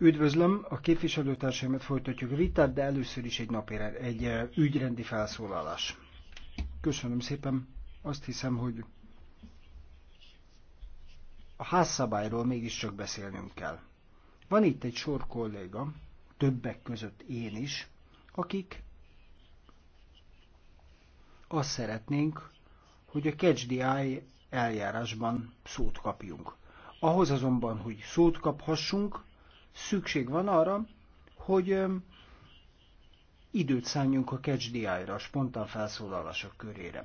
Üdvözlöm a képviselőtársaimat, folytatjuk vita, vitát, de először is egy, napi, egy eh, ügyrendi felszólalás. Köszönöm szépen. Azt hiszem, hogy a házszabályról mégiscsak beszélnünk kell. Van itt egy sor kolléga, többek között én is, akik azt szeretnénk, hogy a Catch the Eye eljárásban szót kapjunk. Ahhoz azonban, hogy szót kaphassunk, szükség van arra, hogy időt szálljunk a Catch the Eye-ra, a spontán felszólalások körére.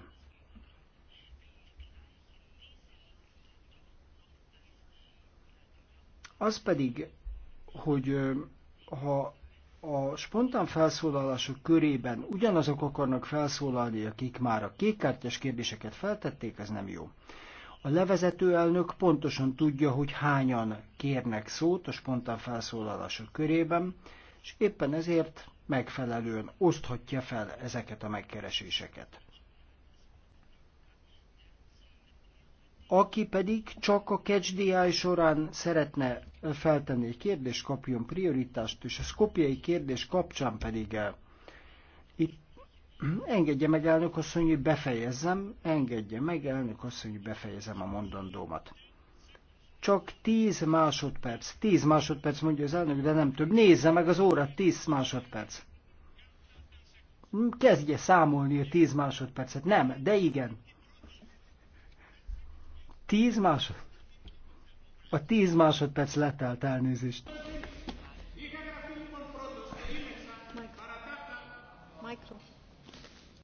Az pedig, hogy ha a spontán felszólalások körében ugyanazok akarnak felszólalni, akik már a kékkártyás kérdéseket feltették, ez nem jó. A levezető elnök pontosan tudja, hogy hányan kérnek szót a spontán felszólalások körében, és éppen ezért megfelelően oszthatja fel ezeket a megkereséseket. Aki pedig csak a DI során szeretne feltenni egy kérdést, kapjon prioritást, és a szkopiai kérdés kapcsán pedig el. Itt engedje meg elnök asszony, hogy befejezzem, engedje meg elnök asszony, hogy befejezem a mondandómat. Csak 10 másodperc, 10 másodperc mondja az elnök, de nem több. Nézze meg az óra, 10 másodperc. Kezdje számolni a 10 másodpercet. Nem, de igen, Tíz másod... A tíz másodperc letelt elnézést. Mikro.